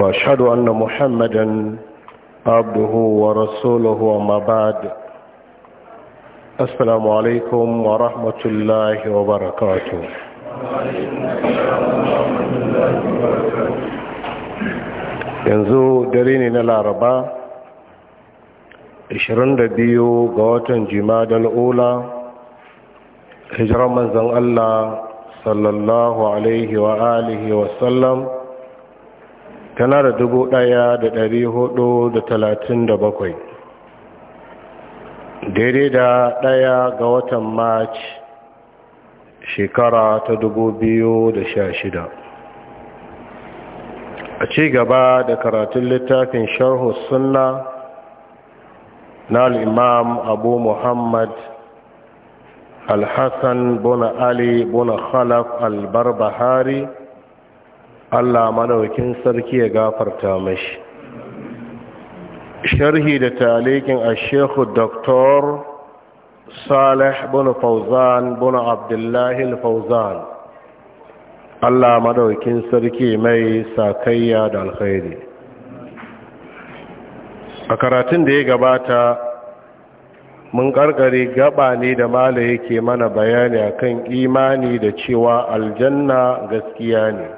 وأشهد أن محمدا عبده ورسوله وما بعد السلام عليكم ورحمة الله وبركاته وعليكم السلام ورحمه الله وبركاته ينزو دليني نلا ربا إشرن ربيو غوتن جماد الأولى هجر من الله صلى الله عليه وآله وسلم tana da dubu ɗaya da ɗari hudu da talatin da bakwai daidai da ɗaya ga watan march shekara ta dubu biyu da sha shida a ci gaba da karatun littafin sharhu sunna na al'imam abu muhammad al-hassan buna ali buna khalaf al-barbahari Allah madaukin sarki ya gafarta mashi sharhi da talikin ashehu, shekhu doktor salih bin fawzan bin abdullahi fauzan Allah madaukin sarki mai sakayya da alkhairi a karatun da ya gabata mun karkare gaba ne da mala yake mana bayani akan imani da cewa aljanna gaskiya ne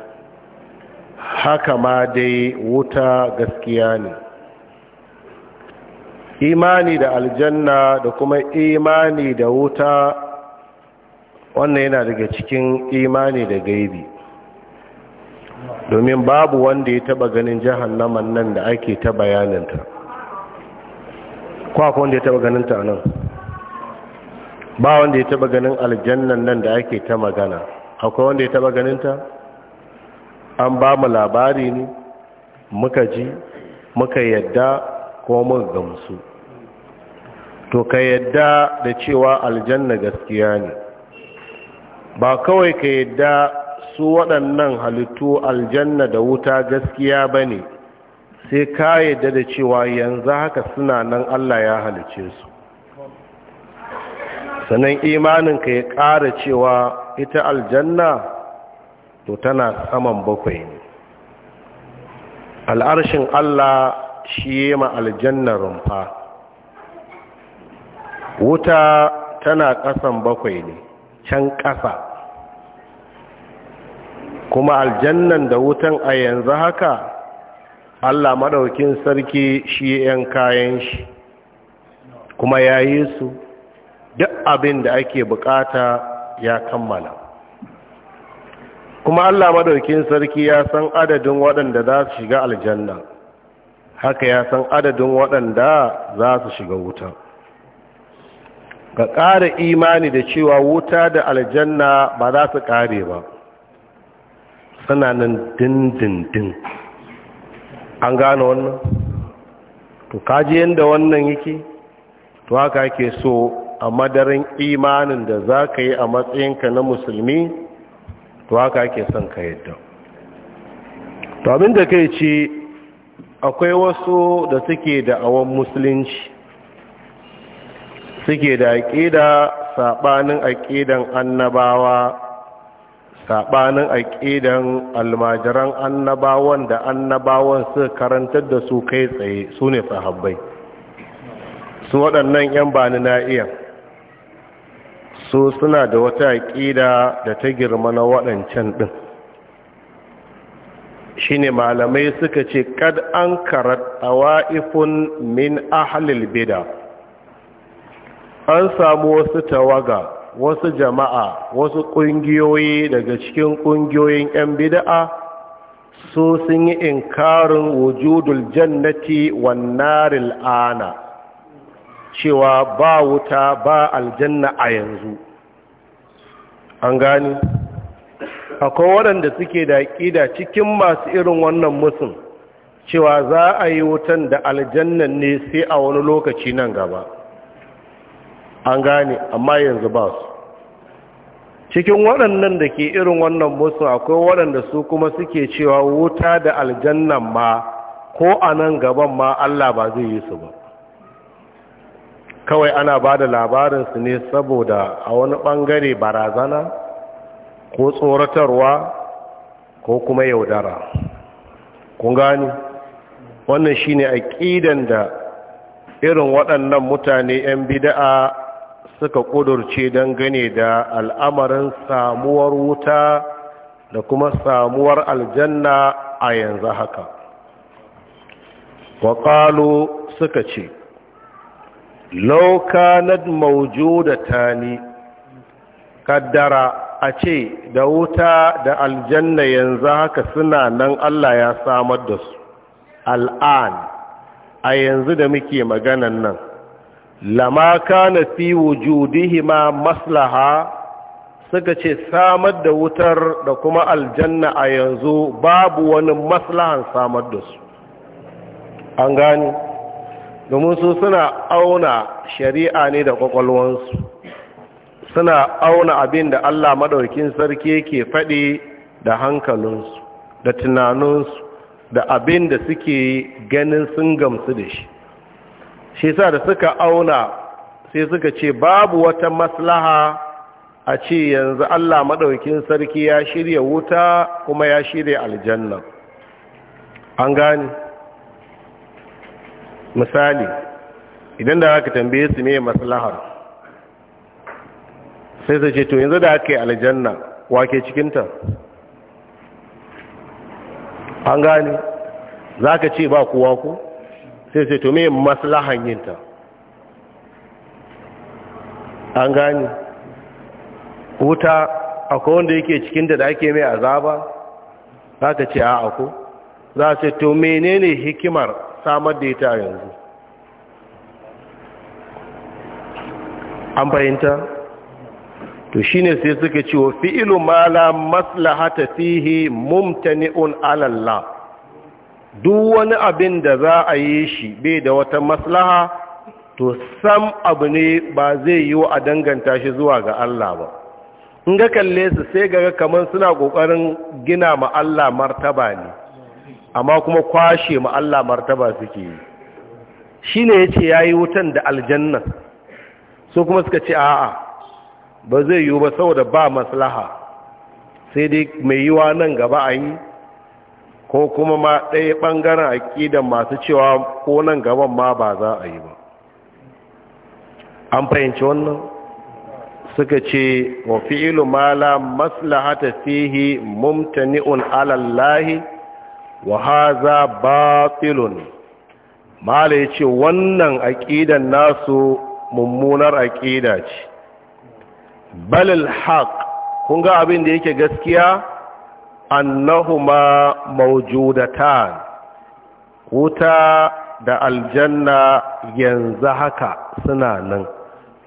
haka ma dai wuta gaskiya ne imani da aljanna da kuma imani da wuta wannan yana daga cikin imani da gaibi domin babu wanda ya taba ganin jahannama nan da ake ta bayaninta kwakwa wanda ya taba ganin ta nan ba wanda ya taba ganin aljannan nan da ake ta magana akwai wanda ya taba ganin ta? an ba mu labari ne muka ji muka yadda ko muka gamsu to ka yadda da cewa aljanna gaskiya ne ba kawai ka yadda su waɗannan halittu aljanna da wuta gaskiya ba ne sai ka yadda da cewa yanzu haka suna nan Allah ya halice su sannan ka ya ƙara cewa ita aljanna to tana saman bakwai ne al'arshin Allah shi ma aljanna rumfa wuta tana ƙasan bakwai ne can ƙasa kuma aljannan da wutan a yanzu haka Allah maɗaukin sarki shi ‘yan kayan shi kuma ya yi su duk abin da ake bukata ya kammala kuma Allah madaukin sarki ya san adadin waɗanda za su shiga aljanna haka ya san adadin waɗanda za su shiga wuta ga ƙara imani da cewa wuta da aljanna ba za su ƙare ba suna nan dindindin an gane wannan to kaji yadda wannan yake to haka ke so a madarin imanin da za ka yi a matsayinka na musulmi to haka ake son ka yadda to abin da kai ce akwai wasu da suke da awon musulunci suke da aƙida saɓanin aƙidan annabawa saɓanin aƙidan almajiran annabawan da annabawan su karantar da su kai tsaye su ne sahabbai su waɗannan 'yan bani na iya su suna da wata aƙida da ta girma na waɗancan ɗin shi ne malamai suka ce kad an karat awa'ifun min ahalil bida an samu wasu tawaga wasu jama'a wasu ƙungiyoyi daga cikin ƙungiyoyin 'yan bida'a su sun yi inkarin wujudul jannati wannan ana cewa ba wuta ba aljanna a yanzu an gani akwai waɗanda suke da ƙida cikin masu irin wannan musun cewa za a yi wutan da aljannan ne sai a wani lokaci nan gaba an gane amma yanzu ba su cikin waɗannan da ke irin wannan musu akwai waɗanda su kuma suke cewa wuta da aljannan ma ko a nan gaban ma Allah ba zai yi su ba kawai ana ba da labarinsu ne saboda a wani ɓangare barazana ko tsoratarwa ko kuma yaudara kun gani wannan shi shine aƙidan da irin waɗannan mutane 'yan bida'a suka ƙudurce don gane da al'amarin samuwar wuta da kuma samuwar aljanna a yanzu haka waƙalo suka ce da tani, kaddara a ce da wuta da aljanna yanzu haka suna nan Allah ya samar da su al'an a yanzu da muke maganan nan lama kana fi wujudihima maslaha suka ce samar da wutar da kuma aljanna a yanzu babu wani maslahan samar da su an gani domin su suna auna shari'a ne da kwakwalwansu suna auna abin da Allah maɗaukin sarki ke faɗi da hankalinsu da tunaninsu da abin da suke ganin sun gamsu da shi shi sa da suka auna sai suka ce babu wata maslaha a ce yanzu Allah maɗaukin sarki ya shirya wuta kuma ya shirya aljanna an gani misali idan da aka tambaye su ne maslahar sai su ce to yanzu da aka yi aljanna wake cikinta an gane za ka ce ba kowa ku sai sai to me maslahan yinta an gane wuta akwai wanda yake cikinta da ake mai azaba za ka ce a ako za a ce to menene hikimar samar da ita yanzu an fahimta to shi ne sai suka ce wa fi'ilu ma la maslahata fihi mumtani'un Allah duk wani abin da za a yi shi bai da wata maslaha to sam abu ne ba zai yi wa a danganta shi zuwa ga Allah ba in ga kalle su sai ga kamar suna ƙoƙarin gina ma Allah martaba ne amma kuma kwashe ma Allah martaba suke yi shi ne ya ce ya yi wutan da aljanna su kuma suka ce a'a ba zai yiwu ba saboda ba maslaha sai dai mai yiwa nan gaba a yi ko kuma ma ɗaya ɓangaren aƙidan masu cewa ko nan gaban ma ba za a yi ba an fahimci wannan suka ce wa ilu ma la maslahata fihi mumtani'un alallahi wa haza batilun mala yace wannan aqidan nasu mummunar aqida ce bal haq kun ga abin da yake gaskiya annahuma mawjudatan wuta da aljanna yanzu haka suna nan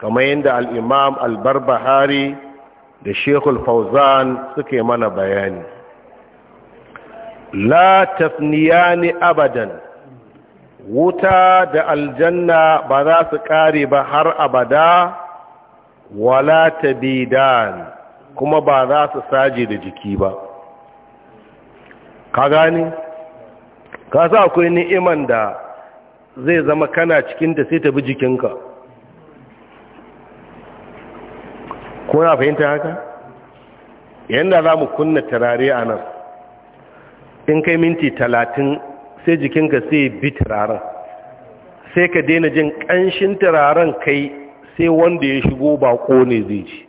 kamar yadda al-imam al-barbahari da shekul fauzan suke mana bayani la tafniyani abadan wuta da aljanna ba za su kare ba har abada wala tabidan kuma ba za su saje da jiki ba ka gani ka sa akwai ni'iman da zai zama kana cikinta sai ta bi jikinka ko na fahimta haka yadda za mu kunna turare a nan in kai minti talatin sai jikinka sai bi turaren sai ka daina jin ƙanshin turaren kai sai wanda ya shigo baƙo ne zai ci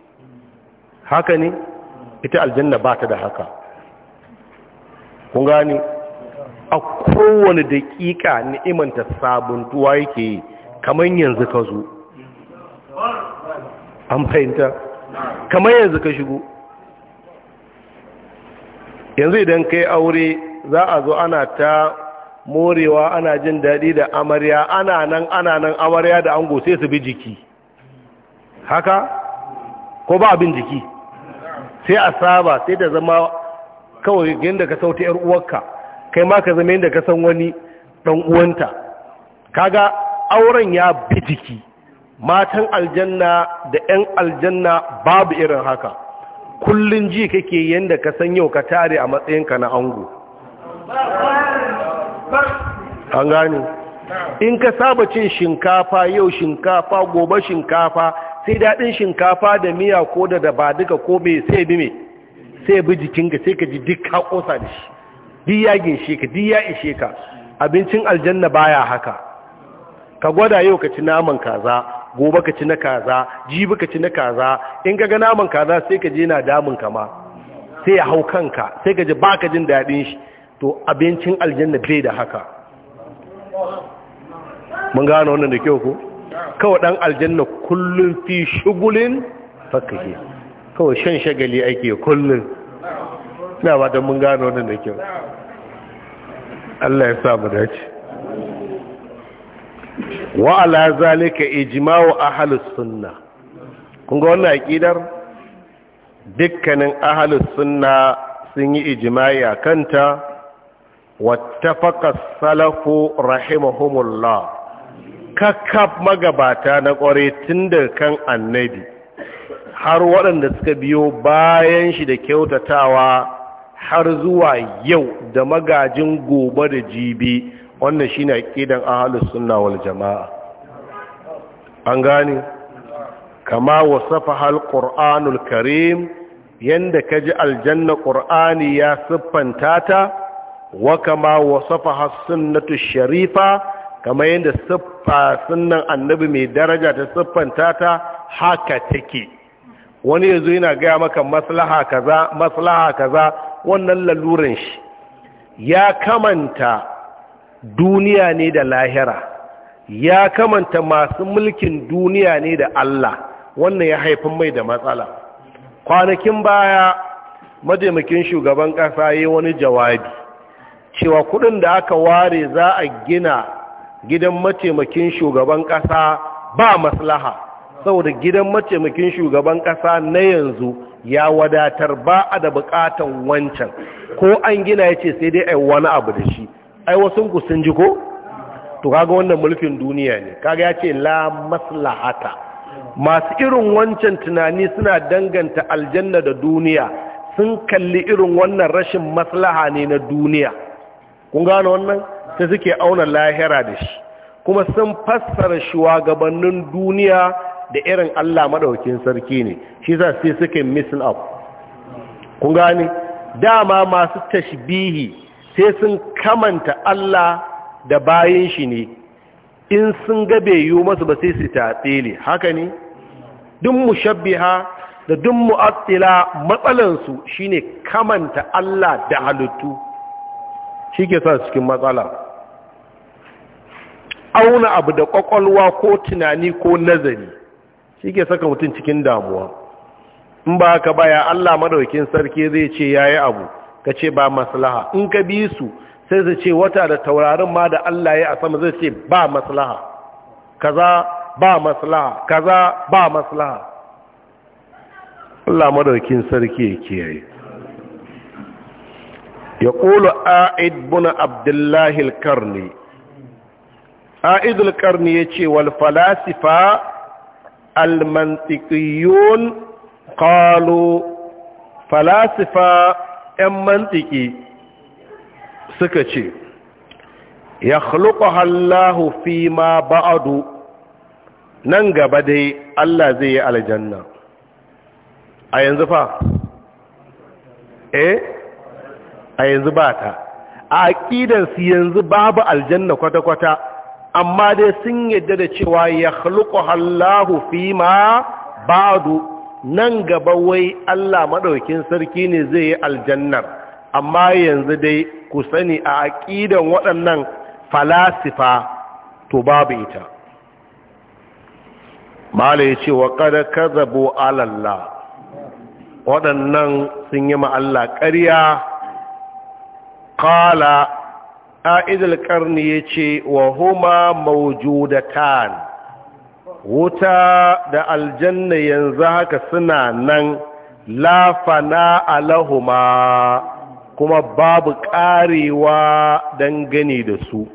haka ne ita aljanna ba ta da haka kun gani a kowane daƙiƙa ni'imanta sabuntuwa yake yi kamar yanzu ka zo an fahimta kamar yanzu ka shigo yanzu idan kai aure za a zo ana ta morewa ana jin daɗi da amarya ana nan ana nan amarya da ango sai su bi jiki haka ko ba abin jiki sai a saba sai da zama kawai yadda ka sauta yar uwarka kai ma ka zama yadda ka san wani ɗan uwanta kaga auren ya bi jiki matan aljanna da 'yan aljanna babu irin haka Kullum ji kake yadda ka san yau ka tare a matsayinka na ango an gane in ka saba cin shinkafa yau shinkafa gobe shinkafa sai daɗin shinkafa da miya ko da da ba duka ko bai sai bi mai sai bi jikinka sai ka ji duk ka da shi duk ya ginshe ka duk ya ishe ka abincin aljanna baya haka ka gwada yau ka ci naman kaza gobe ka ci na kaza jibi ka ci na kaza in ka ga naman kaza sai ka je na damun ka ma sai ya hau kanka sai ka ji baka jin daɗin shi to abincin aljanna bai da haka mun gano wannan da kyau ko kawai dan aljanna kullun fi shugulin fakake kawai shan shagali ake kullun na ba don mun gano wannan da kyau Allah ya sa mu dace wa ala zalika ijima wa sunna Kunga ga wannan aƙidar dukkanin ahalus sunna sun yi ijimai a kanta wattafaqa salafu rahimahumullah kakkab magabata na ƙware tun da kan annabi har waɗanda suka biyo bayan shi da kyautatawa har zuwa yau da magajin gobe da jibi wannan shi ne aƙidan ahalus sunna wal jama'a an gani kama wasafa hal ƙor'anul karim yadda ka ji aljanna ƙur'ani ya siffanta ta wa kama wasafa hal sunnatu sharifa kama yadda siffa sunan annabi mai daraja ta siffanta ta haka take wani yanzu yana gaya maka maslaha kaza maslaha kaza wannan laluran shi ya kamanta duniya ne da lahira ya kamanta masu mulkin duniya ne da Allah wannan ya haifin mai da matsala kwanakin baya mataimakin shugaban ƙasa yi wani jawabi cewa kudin da aka ware za a gina gidan mataimakin shugaban ƙasa ba maslaha saboda gidan mataimakin shugaban ƙasa na yanzu ya wadatar ba a da bukatan wancan ko an gina ya ce sai dai a yi wani abu da shi ai wasu ku sun ji ko to kaga wannan mulkin duniya ne kaga yace la maslahata masu irin wancan tunani suna danganta aljanna da duniya sun kalli irin wannan rashin maslaha ne na duniya kun gane wannan sai suke auna lahira da shi kuma sun fassara shugabannin duniya da irin Allah madaukin sarki ne shi sai suke missing up kun gane dama masu tashbihi sai sun kamanta Allah da bayan shi ne in sun ga bai yiwu masu ba sai su tatse ne haka ne duk shabbiha da duk mu'attila matsalansu shine kamanta Allah da halittu shi ke sa cikin matsala auna abu da ƙwaƙwalwa ko tunani ko nazari shi ke saka mutum cikin damuwa in ba haka baya Allah madaukin sarki zai ce yayi abu ka ce ba maslaha in ka bi su sai su ce wata da taurarin ma da Allah ya a sama zai ce ba maslaha kaza ba maslaha kaza ba maslaha Allah madaukin sarki ya kiyaye ya ƙulu a'id buna abdullahi karni a'id al ya yace wal falasifa almantikiyun qalu falasifa ‘yan mantiki suka ce, ya hallahu fi ma ba'adu nan gaba dai Allah zai yi aljanna. A yanzu fa? Eh? A yanzu ba ta. A aƙidansu yanzu babu aljanna kwata-kwata, amma dai sun yadda da cewa ya hallahu fi ma ba'adu nan gaba wai Allah maɗaukin sarki ne zai yi aljannar amma yanzu dai ku sani a aƙidan waɗannan falasifa to babu ita mala ya ce wa kada kazabo alalla waɗannan sun yi ma'alla ƙarya ƙala ƙa'idar ƙarni ya ce wa huma maujudatan wuta da aljanna yanzu haka suna nan lafana alahuma kuma babu karewa don gani da su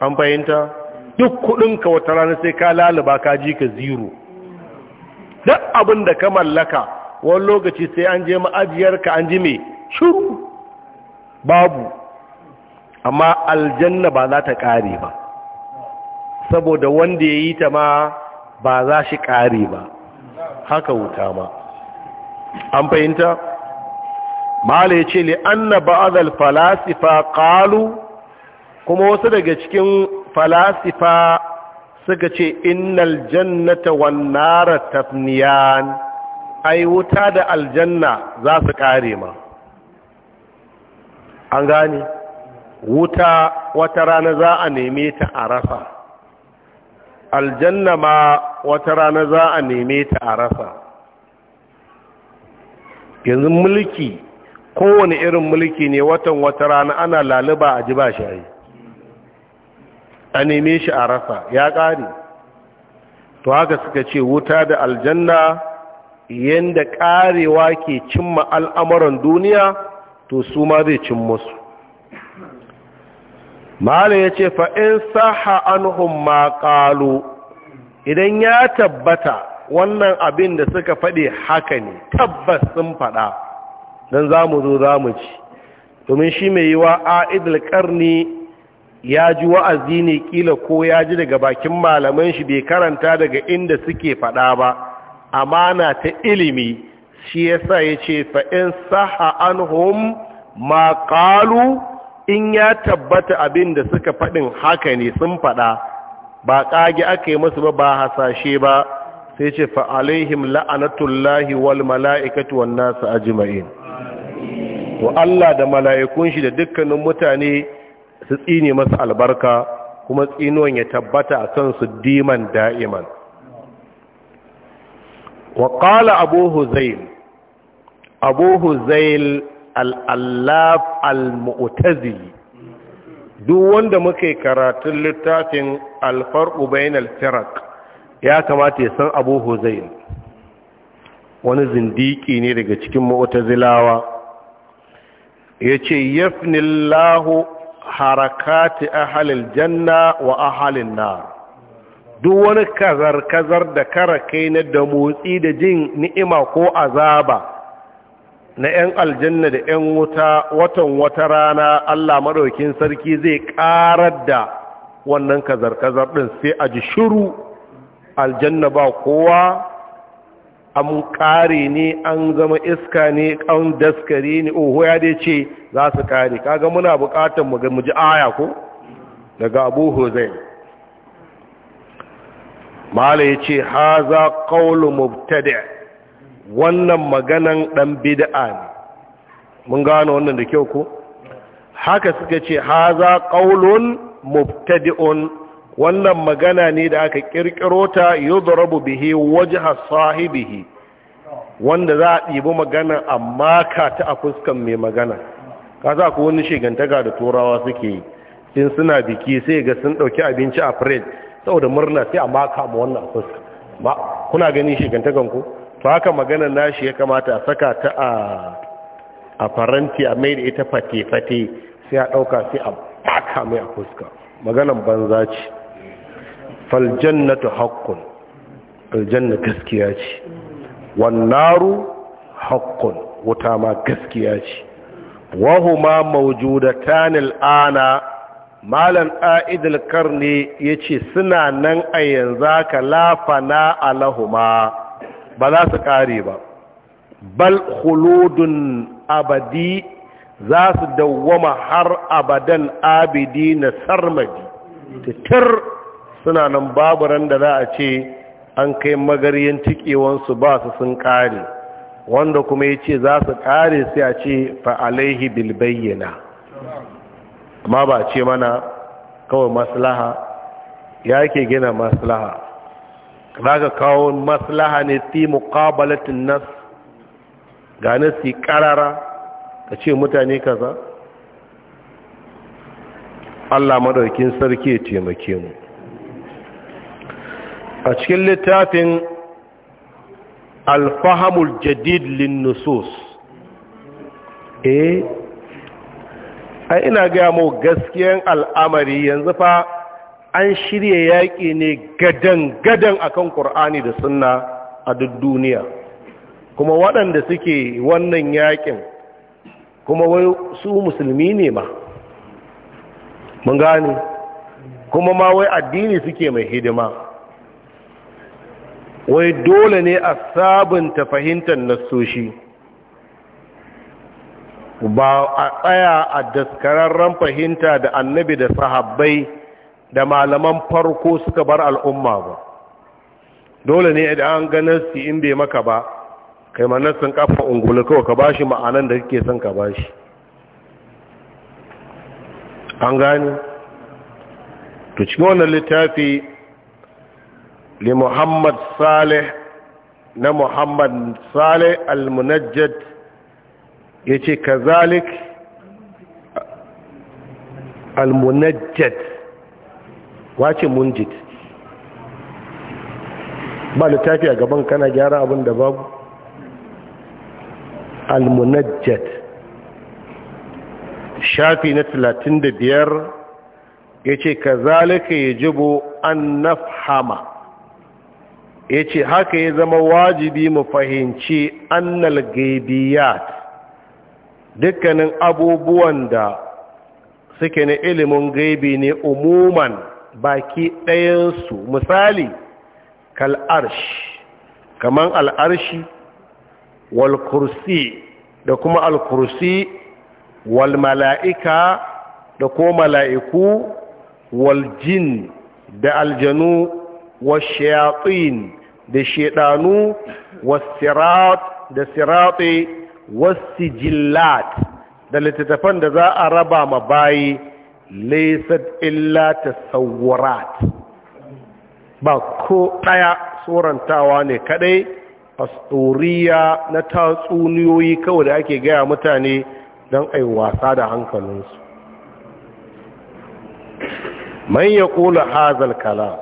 an fahimta duk kudinka wata rana sai ka lalaba ka ji ka ziro duk abin da ka mallaka wani lokaci sai an je ma'ajiyarka an ji mai shuru babu amma aljanna ba za ta kare ba saboda wanda ya yi ta ma ba za shi ƙare ba haka wuta ma an fahimta mala ya ce li'anna ba'adal falasifa ƙalu kuma wasu daga cikin falasifa suka ce innal jannata wan tafniyan ai wuta da aljanna za su ƙare ma an gane wuta wata rana za a neme ta a rasa aljanna ma wata rana za a neme ta a rasa yanzu mulki kowane irin mulki ne watan wata rana ana laluba a ji ba shayi a neme shi a rasa ya ƙare to haka suka ce wuta da aljanna yadda ƙarewa ke cimma al'amuran duniya to su ma zai cin musu malin ya ce fa'in saha an ma ƙalu idan ya tabbata wannan abin da suka faɗi haka ne tabbas sun faɗa don za mu zo za mu ci domin shi mai yiwa a idil ƙarni ya ji wa'azi ne ƙila ko ya ji daga bakin malaman shi bai karanta daga inda suke faɗa ba amana ta ilimi shi yasa ya ce fa'in saha an ma ƙalu in ya tabbata abin da suka faɗin haka ne sun faɗa ba ƙage aka yi masu ba hasashe ba sai ce fa'alaihim la'anatullahi wal mala'ikatu wa nasu ajima'in wa Allah da mala'ikun shi da dukkanin mutane su tsini masu albarka kuma tsinuwan ya tabbata a kan su diman da'iman wa ƙala abu huzail al'allaf al duk wanda muke karatun littafin alfar'u bainal firak ya kamata ya san abu huzain wani zindiki ne daga cikin ma’utazilawa ya ce yafnillahu harakati ahalil janna wa ahalin na?" duk wani kazar-kazar da karakai na da motsi da jin ni'ima ko azaba na 'yan aljanna da 'yan wuta watan wata rana Allah maɗaukin sarki zai ƙarar da wannan kazar-kazar ɗin sai a ji shiru aljanna ba kowa an ƙare ne an zama iska ne an daskare ne oho ya dai ce za su ƙare kaga muna buƙatar mu ji aya ko daga abu hussein mala ya ce haza ƙaunar mubtada wannan maganan ɗan bid'a ne mun gano wannan da kyau ko haka suka ce haza qaulun mubtadi'un wannan magana ne da aka kirkiro ta yudrabu bihi wajha sahibihi wanda za a ɗibi magana amma ka ta a fuskan mai magana ka za ku wani shigantaka da turawa suke yi in suna biki sai ga sun ɗauki abinci a fred saboda murna sai a maka ma wannan fuska kuna gani shigantakan ku to haka maganar nashi ya kamata a saka ta a a faranti a mai da ita fate-fate sai a ɗauka sai a baka mai a fuska maganar banza ce ta haƙƙun aljanna gaskiya ce wannaru haƙƙun wuta ma gaskiya ce wahuma mawjudatan ana, malam a'idul karni yace suna nan a yanzu ka lafana alahuma ba za su kare ba bal khuludun abadi za su dawwama har abadan abidi na sarmadi titir suna nan babu ran da za a ce an kai magaryen tikewansu ba su sun kare wanda kuma ya ce za su kare sai a ce fa'alaihi bilbayyana amma ba ce mana kawai maslaha ya ke gina maslaha za ka kawo maslaha ne fi muqabalatin nas ga nasi karara ka ce mutane kaza Allah madaukin sarki ya taimake mu a cikin littafin alfahamul jadid lin nusus eh ai ina ga mu gaskiyan al'amari yanzu fa an shirya yaƙi ne gadan-gadan akan ƙur'ani da sunna a duk duniya kuma waɗanda suke wannan yaƙin kuma wai su musulmi ne ma mun gane kuma ma wai addini suke mai hidima wai dole ne a sabunta fahimtar nasoshi? ba a tsaya a daskararren fahimta da annabi da sahabbai da malaman farko suka bar al'umma ba dole ne idan an ga nassi in bai maka ba kai ma nassin kafa ungulu kawai ka bashi ma'anan da kake son ka bashi an gani to cikin wannan littafi li Muhammad Saleh na Muhammad Saleh al-Munajjad yace kazalik al-Munajjad wace munjid ba littafi a gaban kana gyara abin da babu almunajjad shafi na 35 ya ce ka zalika ya jibo an nafhama ya ce haka ya zama wajibi mu fahimci annal gaibiyat dukkanin abubuwan da suke na ilimin gaibi ne umuman baki ɗayansu misali kalarshi kaman al'arshi wal kursi da kuma al kursi wal mala'ika da ko mala'iku wal jin da aljanu wal shayatin da shedanu wal da sirati wal sijillat da littattafan da za a raba ma bayi Laisat illa tasawurat ba ko ɗaya tsorantawa ne kadai astoriya na tatsuniyoyi kawai da ake gaya mutane don ai wasa da hankalinsu man ya kula hazal kala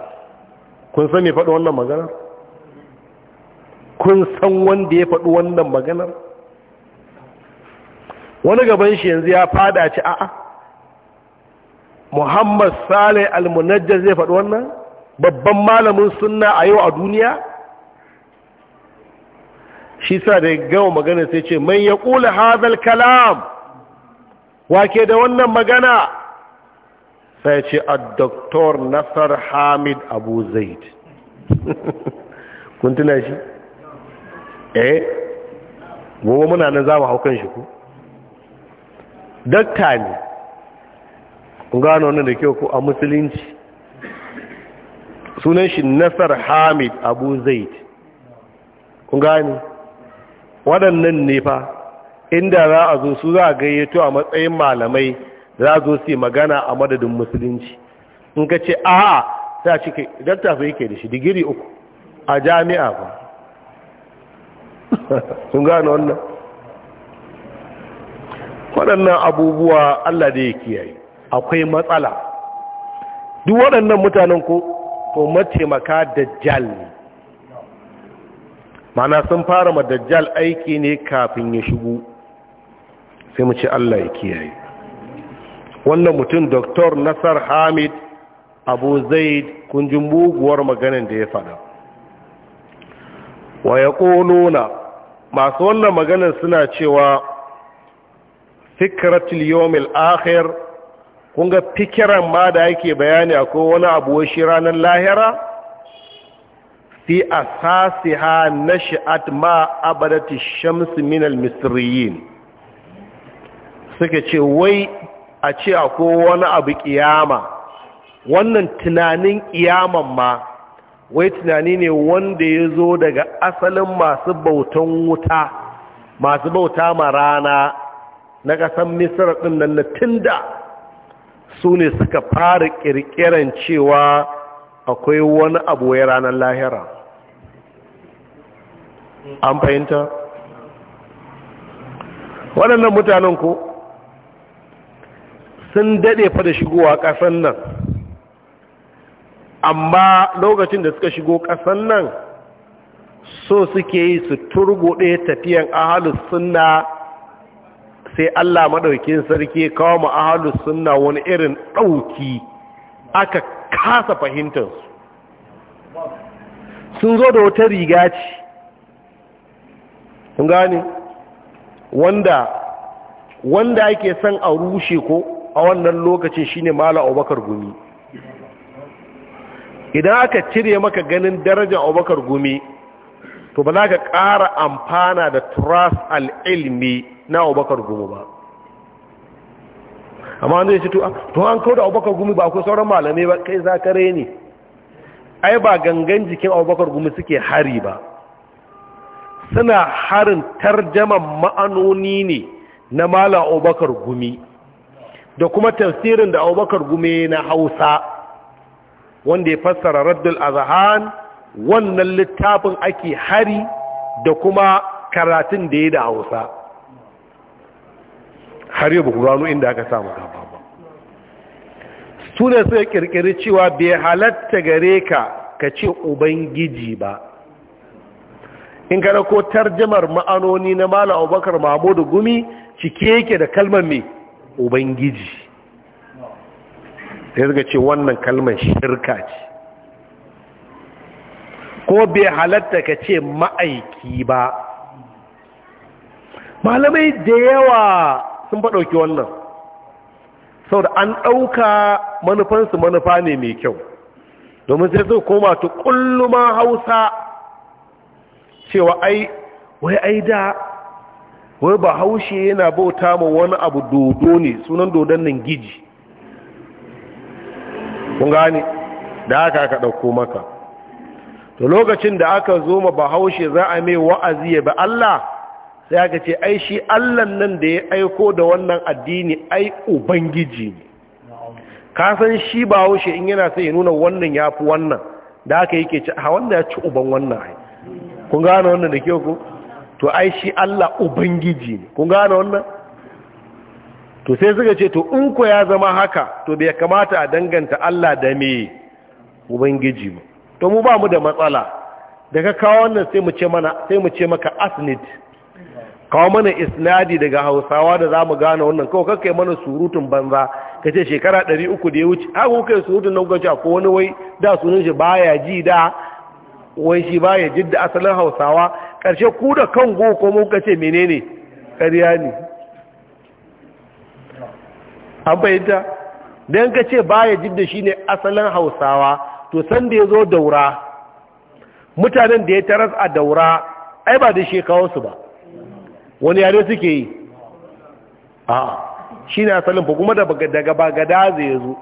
kun san me faɗi wannan maganar? kun san wanda ya faɗi wannan maganar? wani gaban shi yanzu ya fada ci a'a muhammad saleh munajjar zai faɗi wannan babban malamin sunna a yau a duniya shi sa da gawa magana sai ce mai ya ƙula hazal kalam wake da wannan magana sai ce a doktor nasar hamid abu zaid kun tuna shi eh gobe muna nan za mu haukan shi ku Dokta ne gano wannan da kyau ko a musulunci sunan shi nasar hamid abu zaid kun gani waɗannan ne fa inda za a zo su za a gayyato a matsayin malamai za a zo su yi magana a madadin musulunci in ka ce a, ta cike dakta fa yake da shi digiri uku a jami'a ba sun gano wannan waɗannan abubuwa allah da ya kiyaye akwai matsala duk waɗannan mutanen ko to mataimaka dajjal ne mana sun fara ma dajjal aiki ne kafin ya shigo sai mu ce Allah ya kiyaye wannan mutum doktor nasar hamid abu zaid kunjin muguwar maganin da ya fada wa ya ƙonona masu wannan maganin suna cewa fikratul yawmil akhir kun ga fikiran ma da yake bayani akwai wani abu shi ranar lahira fi asasiha shi'at ma abadati shamsi min al-misriyin suka ce wai a ce akwai wani abu kiyama wannan tunanin kiyaman ma wai tunani ne wanda ya zo daga asalin masu bautan wuta masu bauta ma rana na kasan misra ɗin nan na tunda su ne suka fara ƙirƙiran cewa akwai wani abu ya ranar lahira an fahimta waɗannan mutanen ko sun daɗe fa da shigowa ƙasan nan amma lokacin da suka shigo ƙasan nan so suke yi su turgo ɗaya tafiyan ahalus suna. sai Allah maɗaukin sarki kawo mu ahlus sunna wani irin ɗauki aka kasa fahimtar su sun zo da wata riga ce kun gane wanda wanda ake son a rushe ko a wannan lokacin shine mala abubakar gumi idan aka cire maka ganin darajar abubakar gumi to ba za ka ƙara amfana da turas al'ilmi na abubakar gumu ba amma wanda ya ce ah, to an kawo da abubakar gumu ba akwai sauran malamai ba kai za ka reni ai ba gangan jikin abubakar gumu suke hari ba suna harin tarjaman ma'anoni ne na malam abubakar gumi da kuma tafsirin da abubakar gumi na hausa wanda ya fassara raddul azahan wannan littafin ake hari da kuma karatun da ya da hausa har yi ba inda aka samu gaba ba su suka kirkiri cewa bai halatta gare ka ka ce ubangiji ba in ka ko tarjamar ma'anoni na mala abubakar mahamudu gumi cike yake da kalmar mai ubangiji sai suka ce wannan kalmar shirka ce ko bai halatta ka ce ma'aiki ba malamai da yawa sun faɗauki wannan sau da an ɗauka manufansu manufa ne mai kyau domin sai zai koma ta ƙulluman hausa cewa ai wai ai da wai ba haushe yana bauta ma wani abu dodo ne sunan dodon nan giji kun gane da haka aka ɗauko maka to lokacin da aka zo ma bahaushe za a mai wa'azi ya ba Allah sai aka ce ai shi Allah nan da ya aiko da wannan addini ai ubangiji ne ka san shi bahaushe in yana sai ya nuna wannan ya fi wannan da aka yake ci a wanda ya ci uban wannan ai kun gane wannan da ke ku to ai shi Allah ubangiji ne kun gane wannan to sai suka ce to in ku ya zama haka to bai kamata a danganta Allah da me ubangiji ba to mu ba mu da matsala daga kawo wannan sai mu ce mana sai mu ce maka asnid kawo mana isnadi daga Hausawa da za mu gane wannan kawo kakai mana surutun banza ka ce shekara 300 da ya wuce ha ko kai surutun nan gaci ko wani wai da sunan shi baya ji da wai shi baya da asalin Hausawa karshe ku da kan go ko mu ce menene ƙarya ne an bayyanta don ka ce baya da shi ne asalin Hausawa to san da ya zo daura mutanen da ya taras a daura ai ba da su ba wani yare suke yi a shi ne asalin fa kuma daga bagada ya zo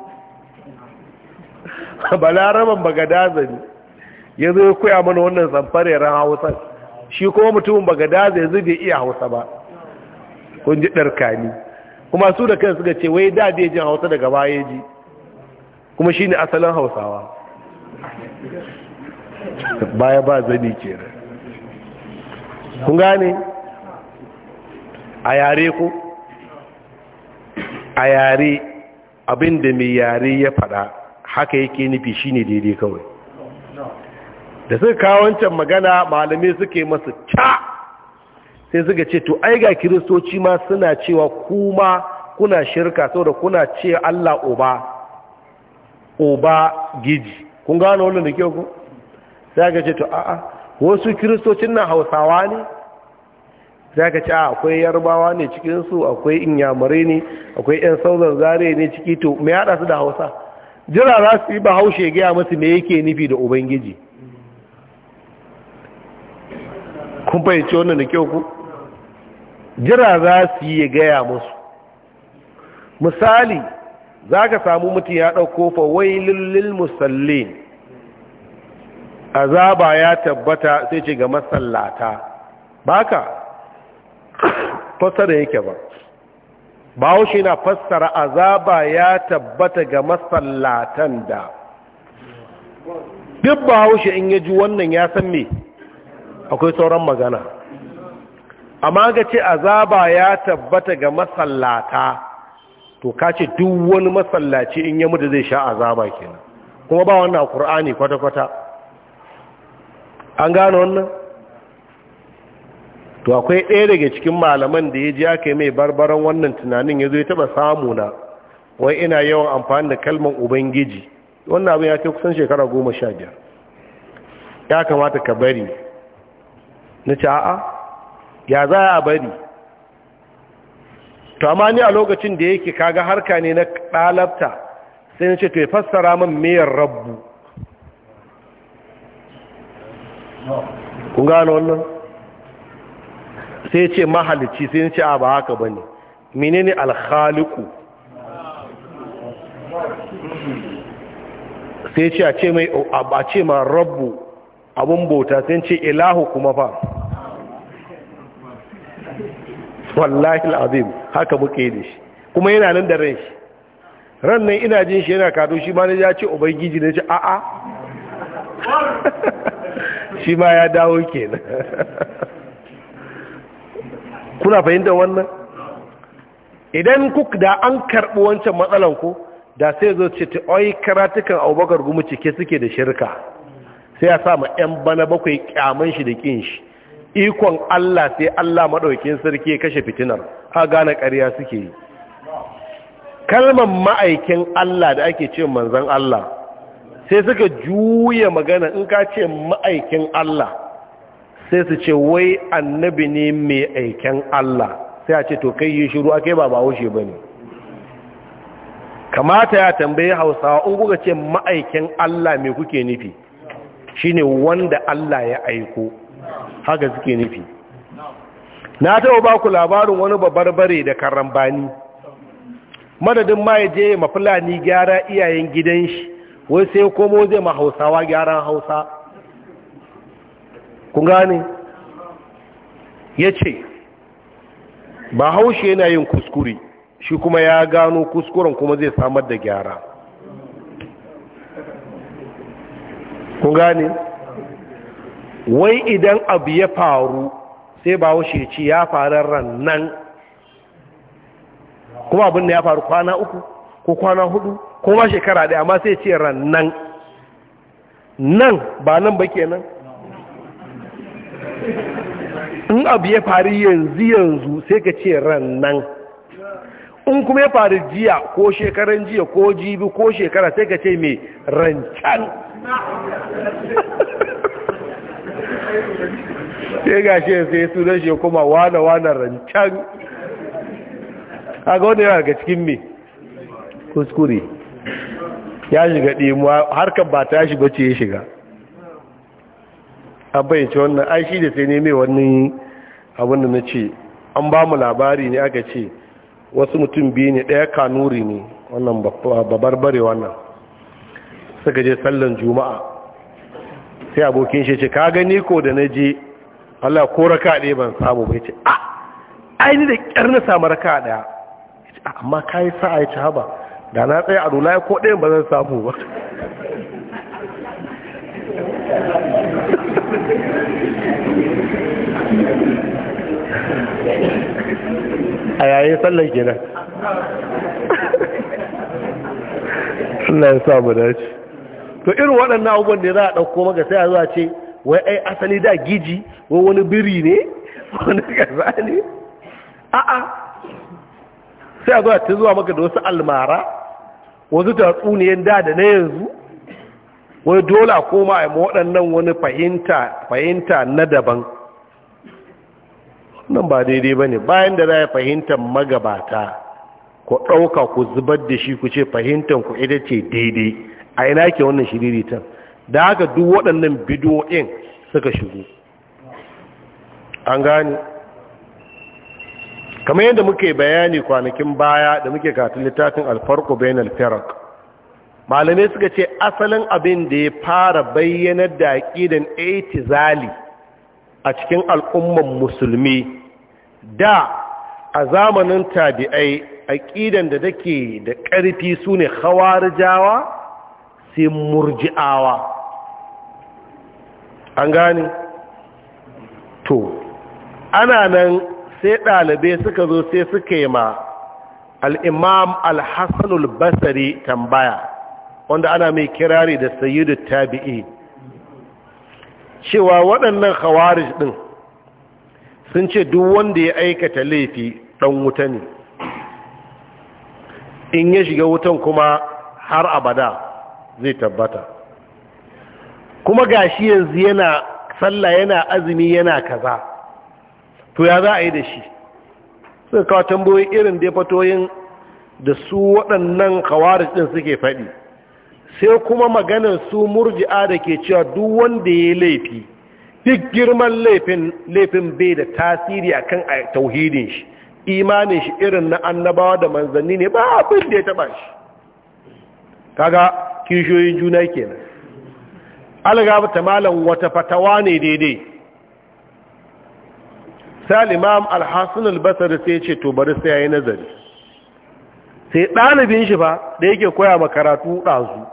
ba laraban bagada ne ya zo ya koya mana wannan ran hausa shi kuma mutumin bagada ya zo bai iya hausa ba kun ji ɗarkani kuma su da kan suka ce wai da bai jin hausa daga baya ji kuma shi ne asalin hausawa baya ba zani kenan kun gane a yare ku a yare abinda mai yare ya fada haka yake nufi ne daidai kawai da suka kawo wancan magana malamai suke masu ca sai suka ce to ai ga kiristoci ma suna cewa kuma kuna shirka saboda kuna ce Allah oba oba giji kun gano wannan da kyau ku sai ka ce to a'a wasu kiristocin na hausawa ne sai ka ce a akwai yarbawa ne cikinsu akwai inyamurai ne akwai 'yan sauzar zare ne ciki to mai haɗa su da hausa jira za su yi ba haushe gaya masu me yake nufi da ubangiji kun fahimci wannan da kyau ku jira za su yi gaya masu. misali za ka samu mutum ya ɗauko fa wailul musallin azaba ya tabbata sai ce ga masallata ka, fassara yake ba bawo shi na fassara azaba ya tabbata ga masallatan da duk bawo shi in yaji wannan ya san me akwai sauran magana amma ga ce azaba ya tabbata ga masallata to ka ce duk wani masallaci in ya mutu zai sha azaba kenan kuma ba wannan ƙur'ani kwata-kwata an gano wannan to akwai ɗaya daga cikin malaman da ya ji aka yi mai barbaran wannan tunanin ya zo ya taɓa samu na wai ina yawan amfani da kalmar ubangiji wannan abin ya kai kusan shekara goma sha biyar ya kamata ka bari na ce ya za a bari to amma ni a lokacin da yake kaga harka ne na ɗalabta sai na ce to ya fassara min miyar rabbu kun gano wannan sai ce mahalici sai ce a ba haka ba ne menene alhaliku sai ce a ce mai a ce ma rabbu abun bauta sai ce ilahu kuma fa wallahi alazim haka muke da shi kuma yana nan da ran shi ran nan ina jin shi yana kado shi ma na ya ce ubangiji na ce a'a shi ma ya dawo kenan kuna fahimtar wannan idan kuk da an karɓi wancan matsalan ku da sai zo ce ta oi karatukan abubakar gumu cike suke da shirka sai ya sa ma 'yan bana bakwai kyaman shi da ƙin shi ikon Allah sai Allah maɗaukin sarki ya kashe fitinar ha gane ƙarya suke yi kalmar ma'aikin Allah da ake ce manzan Allah sai suka juya magana in ka ce ma'aikin Allah sai su ce wai annabi ne mai aiken Allah sai a ce to kai yi shiru ake ba ba wushe ba ne kamata ya tambaye hausawa in kuka ce ma'aikin Allah mai kuke nufi shine wanda Allah ya aiko haka suke nufi na taɓa ba ku labarin wani babbar babarbare da karambani madadin ma ya je ma fulani gyara iyayen gidan shi wai sai komo zai ma hausawa gyaran hausa ku gane ya ce ba haushe yana yin kuskure shi kuma ya gano kuskuren kuma zai samar da gyara ku gane wai idan abu ya faru sai ba wuce ci ya faru rannan. kuma abin da ya faru kwana uku ko kwana hudu kuma shekara ɗaya amma sai ce ran nan nan ba nan ba kenan in abu ya faru yanzu yanzu sai ka ce rannan. in kuma ya faru jiya ko shekaran jiya ko jibi ko shekara sai ka ce mai rancen. sai ga shi sai sunan shi ya koma wane wane rancan ga wanda yana ga cikin me kuskure ya shiga ɗimuwa harkar ba ta shi bace ya shiga an bayyace wannan ai shi da sai ne mai wani abin da na ce an ba mu labari ne aka ce wasu mutum biyu ne ɗaya kanuri ne wannan babbar bare wannan suka je sallan juma'a sai abokin shi ce ka gani ko da na je Allah ko raka ɗaya ban samu bai ce a ah, aini da ƙyar na samu raka ɗaya ah, amma ka yi sa'a ya ci haba da na tsaye a rula ko ɗayan ba zan samu ba a yayin sallar kenan Allah samu dace to irin waɗannan abubuwan da za a ɗauko maka sai a zuwa ce wai ai asali da giji wai wani biri ne wani gaza ne a'a sai a zuwa ta zuwa maka da wasu almara wasu tatsuniyan da da na yanzu wai dole koma a waɗannan wani fahimta fahimta na daban nan ba daidai ba ne bayan da za a fahimtar magabata ku ɗauka ku zubar da shi ku ce fahimtar ku ita ce daidai a ina ke wannan shiriritan da haka duk waɗannan bidiyoyin suka shigo an gane kamar yadda muke bayani kwanakin baya da muke katin littafin alfarko bayan alfarak malamai suka ce asalin abin da ya fara bayyanar da aƙidan aitizali a cikin al'umman musulmi da a zamanin tabi'ai aƙidan da take da ƙarfi su ne hawar jawa sai murji'awa an gani? to ana nan sai ɗalibai suka zo sai suka yi ma al'imam al-hassanul basari tambaya wanda ana mai kirari da sayyidu tabi'i cewa waɗannan khawarij ɗin sun ce duk wanda ya aikata laifi ɗan wuta ne in ya shiga wutan kuma har abada zai tabbata kuma gashi yanzu yana sallah yana azumi yana kaza to ya za a yi da shi suka kawo tambayoyi irin da da su waɗannan kawarar ɗin suke faɗi sai kuma maganar su murji'a da ke cewa duk wanda ya yi laifi duk girman laifin bai da tasiri akan tauhidin shi imanin shi irin na annabawa da manzanni ne ba abin da ya taɓa shi kaga kishiyoyin juna yake kenan algaba ta malam wata fatawa ne daidai salimam alhassan albasar sai ce to bari sai yi nazari sai ɗalibin shi ba da yake koya ma karatu ɗazu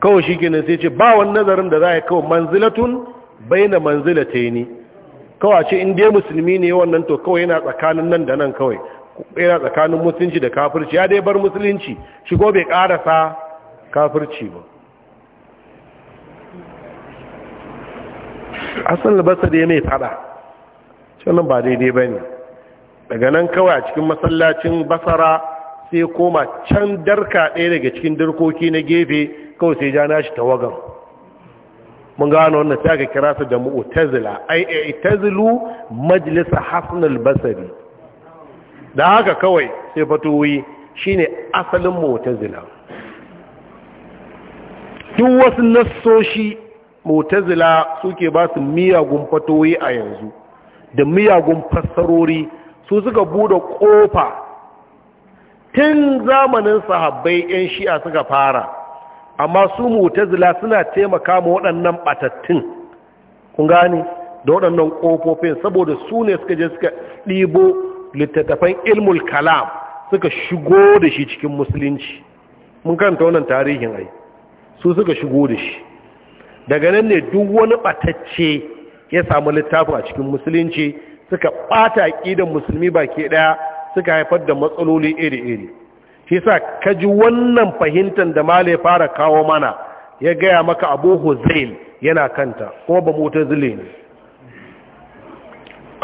kawai shi gina sai ce ba wani nazarin da za a yi kawai manzilatun bai na manzilata ne kawai ce inda musulmi ne wannan to kawai yana tsakanin nan da nan kawai yana tsakanin musulunci da kafirci ya dai bar musulunci shigo bai karasa kafirci ba hassan albasa da ya mai fada sannan ba daidai ba ne daga nan kawai a cikin masallacin basara sai koma can darka ɗaya daga cikin darkoki na gefe kawai sai ja nashi tawagan mun gano wannan sai aka kira su da mu'tazila ai tazilu majlis hasan al-basri da haka kawai sai fatowi shine asalin mu'tazila duk wasu nassoshi mu'tazila suke ba su miyagun fatowi a yanzu da miyagun fassarori su suka bude kofa tun zamanin sahabbai yan shi'a suka fara amma su mu'tazila suna taimaka ma waɗannan batattun kun da waɗannan ƙofofin saboda su ne suka je suka ɗibo littattafan ilmul kalam suka shigo da shi cikin musulunci mun kanta wannan tarihin ai su suka shigo da shi daga nan ne duk wani batacce ya samu littafi a cikin musulunci suka bata aqidan musulmi baki daya suka haifar da matsaloli iri-iri shi ka kaji wannan fahimtar da male fara kawo mana ya gaya maka Abu Huzail yana kanta kuma ba zile ne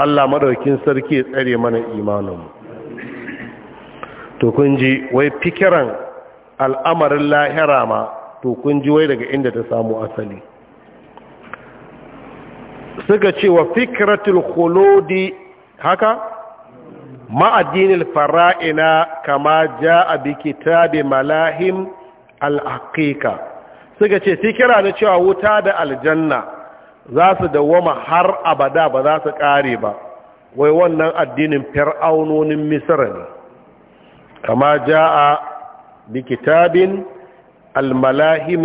Allah madaukin sarki ya tsare mana imaninmu to kun ji wai fikiran al'amarin lahira ma to kun ji wai daga inda ta samu asali suka ce wa fikratul khuludi haka addinil fara'ina kama ja'a bi kitabi malahim al-haqiqa suka ce fikira na cewa wuta da aljanna za su dawwama har abada ba za su kare ba wai wannan addinin fir'aunonin misra ne kama ja'a a kitabin al-malahim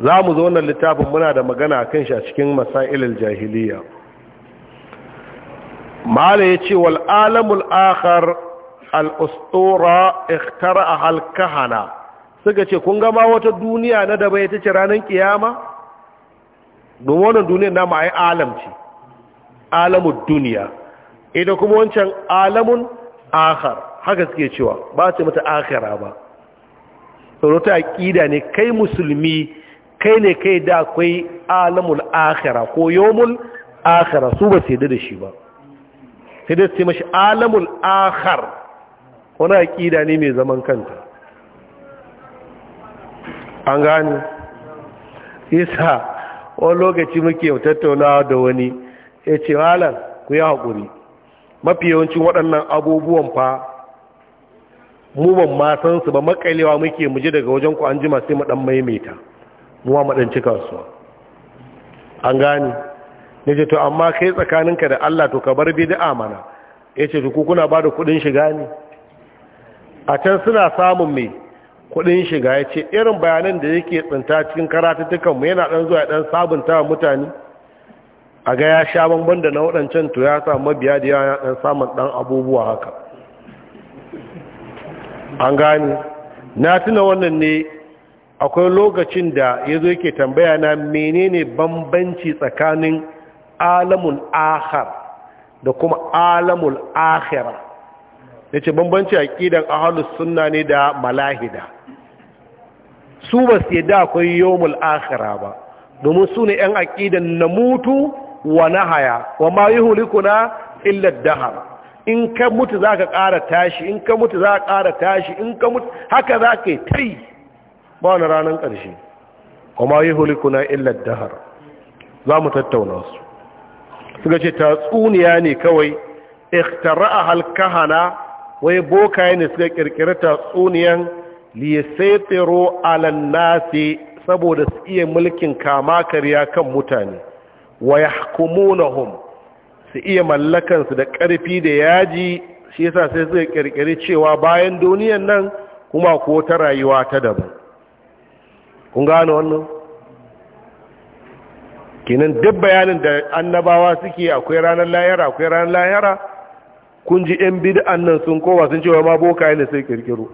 za mu zo wannan littafin muna da magana kan a cikin masailul jahiliya mala ce wal alamul akhar al iktar a al-kahana suka ce kun gama wata duniya na daba ta ce ranar kiyama domin wannan duniyar na ma'ai alam ce alamun duniya idan kuma wancan alamun akhar haka suke cewa ba su mata akhara ba saurata aƙida ne kai musulmi kai ne kai da akwai alamul akhira ko yomul akhira su ba su da shi ba sai da su mashi alamul akhar wani aƙida ne mai zaman kanta an gane isa wani lokaci muke tattaunawa da wani ya ce halar ku yi haƙuri mafi yawancin waɗannan abubuwan fa mu ban masansu ba makalewa muke muje daga wajen ku an jima sai mu maimaita mu ma madan su an gane ce to amma kai tsakaninka da Allah to ka bar bid'a mana yace to ku kuna ba da kudin shiga ne a can suna samun mai. kudin shiga ya ce irin bayanan da yake tsinta cikin mu yana dan zuwa dan sabunta wa mutane a ga ya sha banban da na waɗancan to ya samu mabiya da yawa dan samun dan abubuwa haka an gane na tuna wannan ne akwai lokacin da ya zo yake tambaya na menene bambanci tsakanin alamul akhar da kuma alamul akhirah yace bambanci aqidan ahlus sunna ne da malahida su ba su yi akwai yomul akhira ba domin su ne yan aƙidan na mutu wa na haya. wa ma yuhlikuna illa dahar in ka mutu za ka ƙara tashi in ka mutu za ka ƙara tashi in ka mutu haka za ka yi tai ba wani ranar ƙarshe kuma yi hulikuna illar dahar za mu tattauna su suka ce tatsuniya ne kawai ikhtara a halkahana wai boka ne suka ƙirƙiri tatsuniyan liyasaitiro alannasi saboda su iya mulkin kama kariya kan mutane wa yahkumunahum su iya mallakansu da ƙarfi da yaji shi yasa sai suka kirkiri cewa bayan duniyan nan kuma ko ta rayuwa ta daban kun gano wannan kinan duk bayanin da annabawa suke akwai ranar lahira akwai ranar lahira kun ji yan bid'an nan sun kowa sun cewa ma boka ne sai kirkiro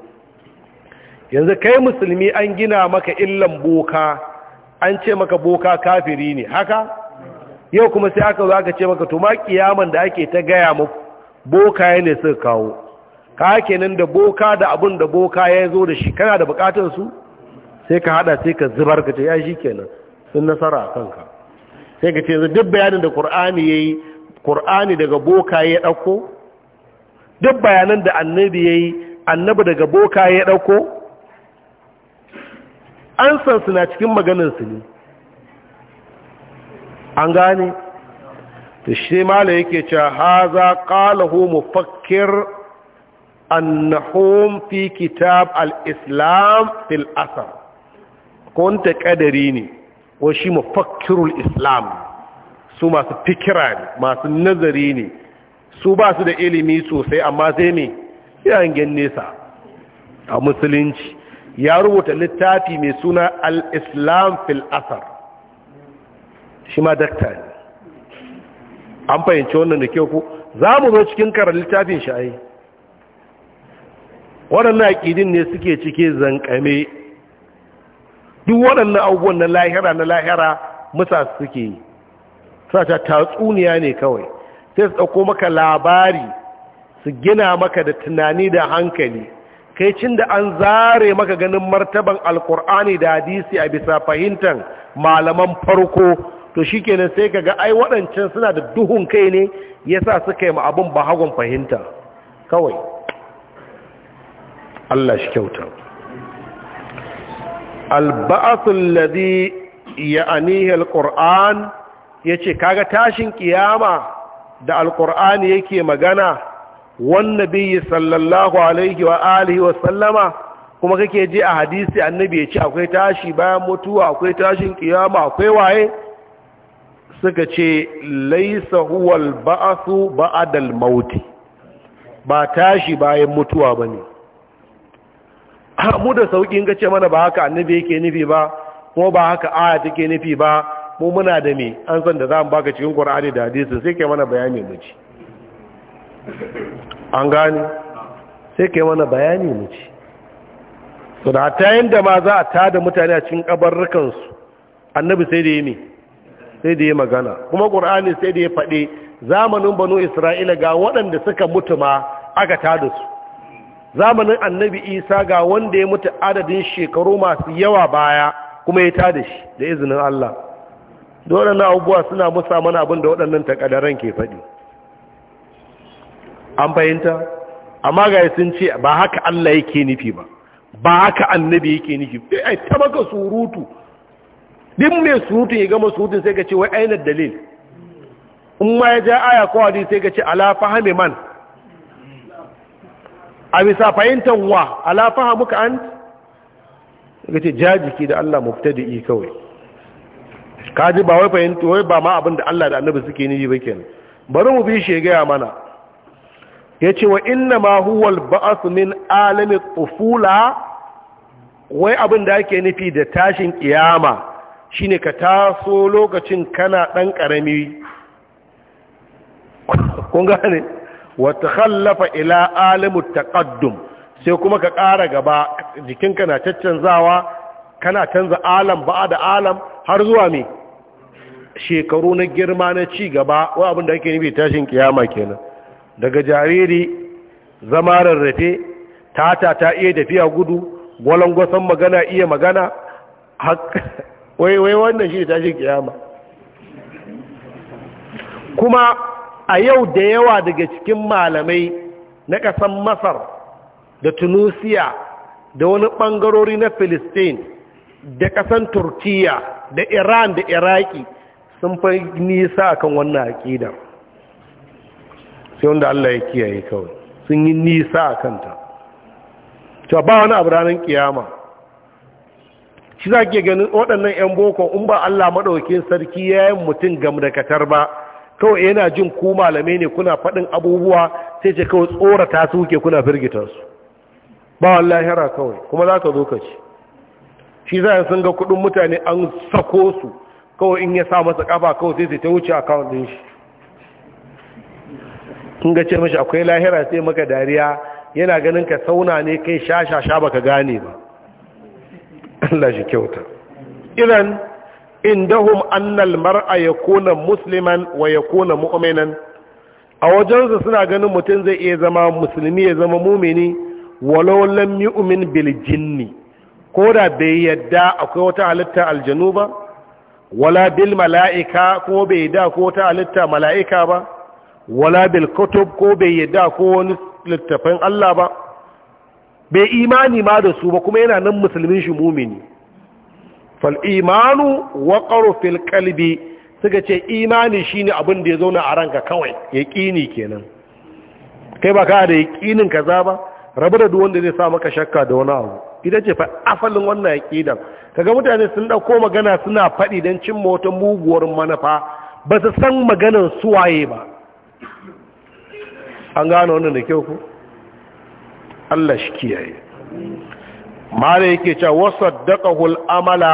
yanzu kai musulmi an gina maka illan boka an ce maka boka kafiri ne haka yau kuma sai aka zo aka ce maka to ma kiyaman da ake ta gaya muku boka ne suka kawo ka kenan da boka da abun da boka ya zo da shi kana da bukatun su sai ka hada sai ka zubar ka ce ya shi kenan sun nasara a kanka sai ka ce yanzu duk bayanin da qur'ani yayi qur'ani daga boka ya dauko duk bayanan da annabi yayi annabi daga boka ya dauko an san na cikin maganinsu. su ne an gane Da shi mala yake cewa haza qalahu mufakkir annahum fi kitab al-islam fil asar ta kadari ne ko shi mufakkirul islam su masu fikira ne masu nazari ne su ba su da ilimi sosai amma sai ne yan nesa a musulunci ya rubuta littafi mai suna al-islam fil asar shi ma dakta ne an fahimci wannan da kyau ku za mu zo cikin karar littafin shayi waɗannan aƙidin ne suke cike zankame duk waɗannan abubuwan na lahira na lahira musa suke yi sata tatsuniya ne kawai sai su ɗauko maka labari su gina maka da tunani da hankali kai cin da an zare maka ganin martaban alkur'ani da hadisi a bisa fahimtar malaman farko to shikenan sai ka ga ai waɗancan suna da duhun kai ne ya sa suka yi ma abin ba hagun fahimta kawai Allah shi kyauta ya ladhi alkur'an ya ce kaga tashin kiyama da alkur'ani yake magana wannabi sallallahu alaihi wa alihi wa sallama kuma kake ji a hadisi annabi ya ce akwai tashi bayan mutuwa akwai tashin kiyama akwai waye suka ce huwa al ba'su al-maut ba tashi bayan mutuwa bane mu da sauƙin ce mana ba haka annabi yake nufi ba kuma ba haka aya take nufi ba mu muna da me an san da zamu baka cikin Qur'ani da hadisi sai kai mana bayani mu ci an gane sai kai mana bayani mu ci da ta yadda ma za a tada mutane a cikin ƙabarrukansu. annabi sai da yi ne sai da yi magana kuma ƙur'ani sai da ya faɗe zamanin banu isra'ila ga waɗanda suka mutu ma aka tada su zamanin annabi isa ga wanda ya mutu adadin shekaru masu yawa baya kuma ya tada shi da izinin allah dole na abubuwa suna musa mana abin da waɗannan takadaran ke faɗi an fahimta amma ga sun ce ba haka Allah yake nufi ba ba haka annabi yake nufi sai ai ta maka surutu din mai surutu ya gama surutun sai ka ce wai ainihin dalil in ma ya ja aya ko hadisi sai ka ce ala fahimi man a bisa fahimtar wa ala ka an ka ce jajiki da Allah yi kawai kaji ba wai fahimta wai ba ma abin da Allah da annabi suke nufi ba kenan bari mu bi shi ya gaya mana ya ce wa inna ma huwal ba'as min alamin tsufula wai abin da ake nufi da tashin kiyama shine ka taso lokacin kana dan ƙarami kun gane wata khallafa ila alamin taqaddum sai kuma ka ƙara gaba jikinka na caccanzawa kana canza alam ba da alam har zuwa mai shekaru na girma na ci gaba wai abin da ake nufi tashin kiyama kenan daga jariri zama rarrafe tata ta iya tafiya gudu gwalangwasan magana iya magana wai wannan shi ta shi kiyama kuma a yau da yawa daga cikin malamai na kasan masar da tunisia da wani ɓangarori na philistine da kasan turkiya da iran da iraki sun fi nisa kan wannan aƙidar sai wanda Allah ya kiyaye kawai sun yi nisa a kanta cewa ba wani abu ranar kiyama shi za ke ganin waɗannan 'yan boko in ba Allah maɗaukin sarki ya yi mutum gamdakatar ba kawai yana jin ku malamai ne kuna faɗin abubuwa sai ce kawai tsorata su ke kuna firgita su ba wani lahira kawai kuma za ka zo ka ci shi za sun ga kuɗin mutane an sako su kawai in ya sa masa ƙafa kawai sai ta wuce akawun ɗin shi in ga ce mashi akwai lahira sai maka dariya yana ganin ka sauna ne kai shasha sha baka gane ba Allah shi kyauta idan indahum annal mar'a yakuna musliman wa yakuna mu'minan a wajensu suna ganin mutum zai iya zama musulmi ya zama mumini walau lam yu'min bil jinni ko da bai yadda akwai wata halitta aljanu ba wala bil mala'ika ko bai yadda akwai wata halitta mala'ika ba wala bil ko bai yadda ko wani littafin Allah ba bai imani ma da su ba kuma yana nan musulmin shi mumini fal imanu fil suka ce imani shine abin da ya zauna a ranka kawai yaqini kenan kai ba ka da yaqinin kaza ba rabu da duwanda wanda zai sa maka shakka da wani abu ita ce fa afalin wannan yaqidan kaga mutane sun ɗauko magana suna faɗi dan cimma wata muguwar manufa ba su san maganar suwaye ba an gano wannan da kyau ku Allah shi kiyaye mara yake cewa wasaddaqahu al-amala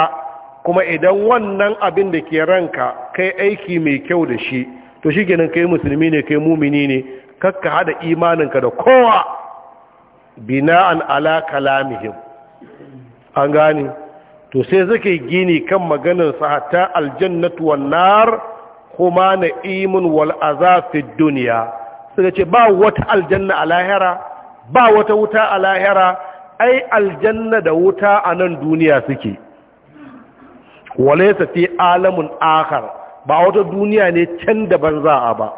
kuma idan wannan abin da ke ranka kai aiki mai kyau da shi to shikenan kai musulmi ne kai mumini ne kakka hada imaninka da kowa bina'an ala kalamihim an gane to sai suke gini kan maganar sa hatta aljannatu wan nar kuma na'imun wal azab duniya. suka ce ba wata aljanna a lahira ba wata wuta a lahira ai aljanna da wuta a nan duniya suke walaisa fi alamun akhar ba wata duniya ne can da banza a ba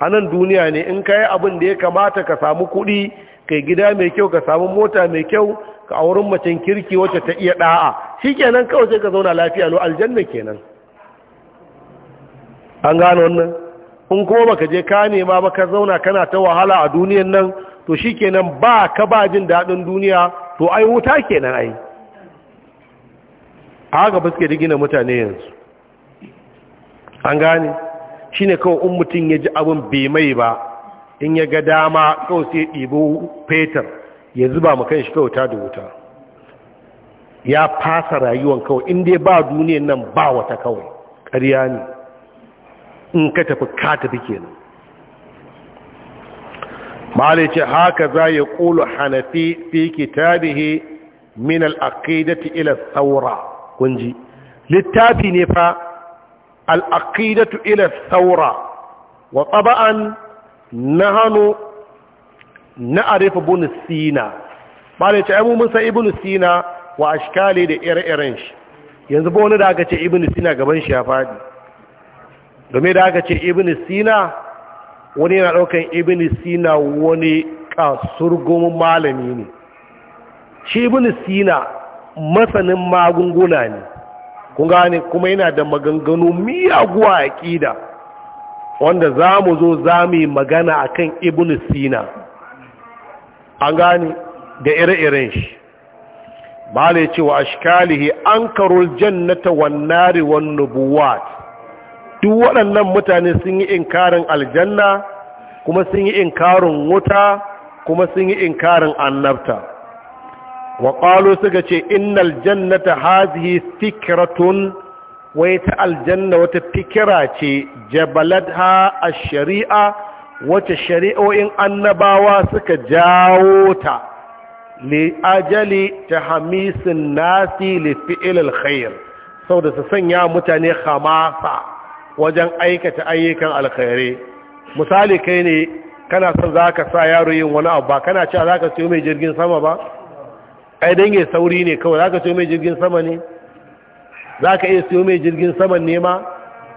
a nan duniya ne in ka yi abin da ya kamata ka samu kuɗi kai gida mai kyau ka samu mota mai kyau ka auren macen kirki wacce ta iya ɗa'a shi kenan kawai sai ka zauna lafiya no aljanna kenan an gano wannan in kuma baka je ka nema ba ka zauna kana ta wahala a duniyan nan to shikenan ba ka ba jin daɗin duniya to ai wuta kenan ai a haka ba suke gina mutane yanzu an gane shine ne kawai in mutum ya ji abin bai mai ba in ya ga dama kawai sai ɗibo fetur ya zuba kan shi kawai ta da wuta ya fasa rayuwan kawai inda ba duniyan nan ba wata kawai ƙarya ne in ka tafi ka tafi kenan malai haka za ya ƙulu hanafi fi kitabihi min al'aqidati ila saura kunji littafi ne fa al'aqidatu ila saura wa tsaba'an na hannu na arifa bunu sina malai ce abu musa ibn sina wa ashkali da ire-iren shi yanzu ba wani da aka ce ibn sina gaban shi ya faɗi domin da aka ce ibn sina wani yana daukan ibn sina wani kasurgun malami ne shi ibn sina masanin magunguna ne kun gane kuma yana da maganganu miyaguwa a ƙida wanda za mu zo za mu yi magana a kan ibn sina an gane da ire-iren shi ba da ya ce wa ashkalihi an karol jannata wannari wannubuwat duk waɗannan mutane sun yi inkarin aljanna kuma sun yi inkarin wuta kuma sun yi inkarin annabta wa ƙwalo suka ce innal jannata hazihi fikiratun wai ta aljanna wata fikira ce ha a shari'a wacce shari'o'in annabawa suka jawo ta li'ajali ta hamisin nasi li fi'il alkhair sau da su sanya mutane hamasa wajen aikata ayyukan alkhairi misali kai ne kana son za ka sa yaro yin wani abu ba kana cewa za ka siyo mai jirgin sama ba ai don sauri ne kawai za ka siyo mai jirgin sama ne za ka iya siyo mai jirgin saman nema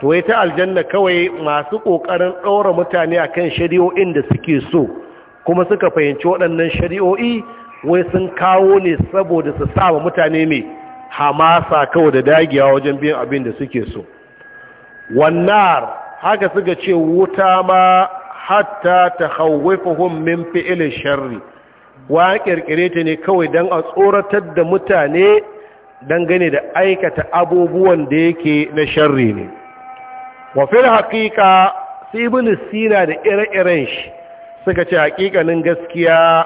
to ya ta aljanna kawai masu ƙoƙarin ɗaura mutane akan kan shari'o'in da suke so kuma suka fahimci waɗannan shari'o'i wai sun kawo ne saboda su sa mutane mai hamasa kawai da dagiya wajen biyan abin da suke so wannan haka suka ce wuta ma hatta ta hauwifuhun min fi'ilin sharri wa kirkire ta ne kawai don a tsoratar da mutane dangane da aikata abubuwan da yake na sharri ne wafin haƙiƙa sibin sina da ire-iren shi suka ce haƙiƙanin gaskiya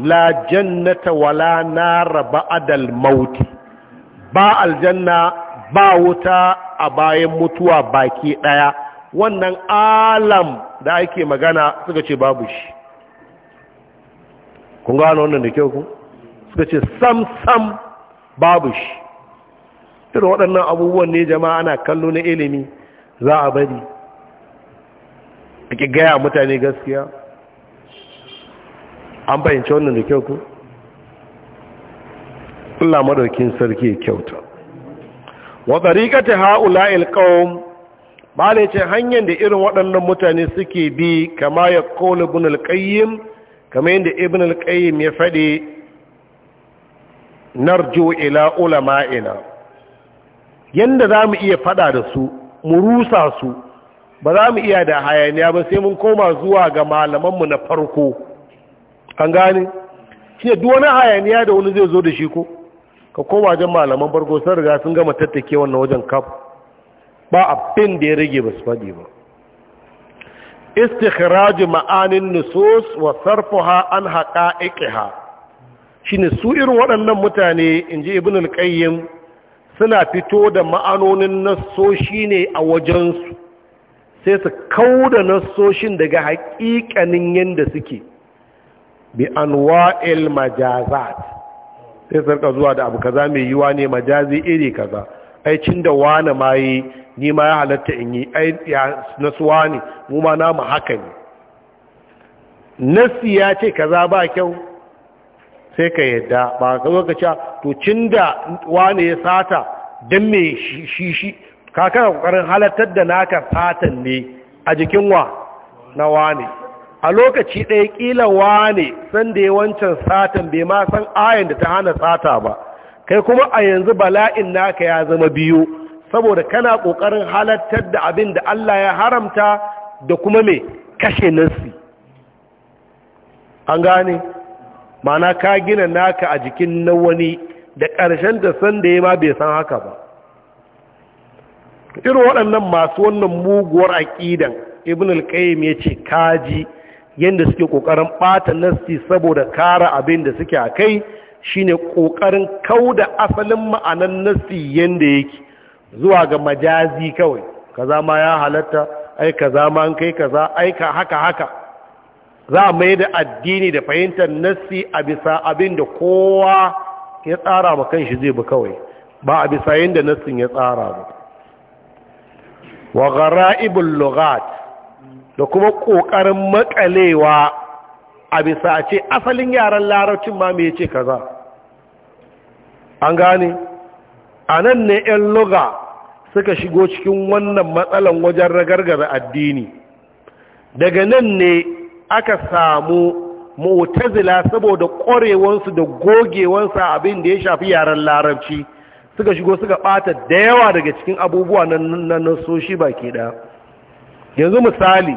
la jannata wala raba adal mauti ba aljanna ba wuta a bayan mutuwa baki ɗaya wannan alam da ake magana suka ce babu shi kun gano wannan da kyau ku suka ce sam-sam babu shi irin waɗannan abubuwan ne jama'a ana kallo na ilimi za a bari ake gaya mutane gaskiya an fahimci wannan da kyau ku Allah madaukin sarki kyauta wa tariqati ha'ula'il ba da ce hanyar da irin waɗannan mutane suke bi kama ya kone ibn al kama yadda ibn al ya faɗi narju ila ulama'ina za mu iya faɗa da su mu rusa su ba za mu iya da hayaniya ba sai mun koma zuwa ga malamanmu na farko an gane shi ne duk hayaniya da wani zai zo da shi ko ka koma wajen malaman bargo sun riga sun gama tattake wannan wajen kaf ba abin da ya rage ba su faɗi ba istikhraj ma'anin nusus wa sarfaha an haqa'iqiha shine su irin waɗannan mutane inji ibn al-qayyim suna fito da ma'anonin nassoshi ne a wajensu sai su kauda nassoshin daga haƙiƙanin yanda suke bi anwa'il majazat sai sarka zuwa da abu kaza mai yiwa ne majazi iri kaza ai cin da wani ma yi ni ma ya halatta in yi ai ya nasuwa ne mu ma namu haka ne nasi ya ce kaza ba kyau sai ka yadda ba ka zo ka ce to cin da wani ya sata don mai shi shi kakar kokarin halattar da naka satan ne a jikin wa na wani a lokaci ɗaya ƙila wane sanda ya wancan satan bai ma san ayan da ta hana sata ba kai kuma a yanzu bala'in naka ya zama biyu saboda kana ƙoƙarin halattar da abin da Allah ya haramta da kuma mai kashe nassi an gane mana ka gina naka a jikin na wani da ƙarshen da sanda ya ma bai san haka ba irin waɗannan masu wannan muguwar aƙidan ibn al-qayyim yace kaji yadda suke ƙoƙarin ɓata nasti saboda kara abin da suke a kai shine ƙoƙarin kau da asalin ma'anan nasti yadda yake zuwa ga majazi kawai kaza ma ya halatta ai kaza ma an kai kaza ai ka haka haka za a mai da addini da fahimtar nasti a bisa abin da kowa ya tsara ma shi zai bi kawai ba a bisa yadda nastin ya tsara ba wa ghara'ibul lughat da kuma ƙoƙarin makalewa a bisa ce asalin yaran larabcin ma mai ce kaza an gane a nan ne 'yan loga suka shigo cikin wannan matsalan wajen ragargaza addini daga nan ne aka samu mutazila saboda ƙwarewansu da gogewansu abin da ya shafi yaran larabci suka shigo suka ɓata da yawa daga cikin abubuwa na nasoshi baki ɗaya yanzu misali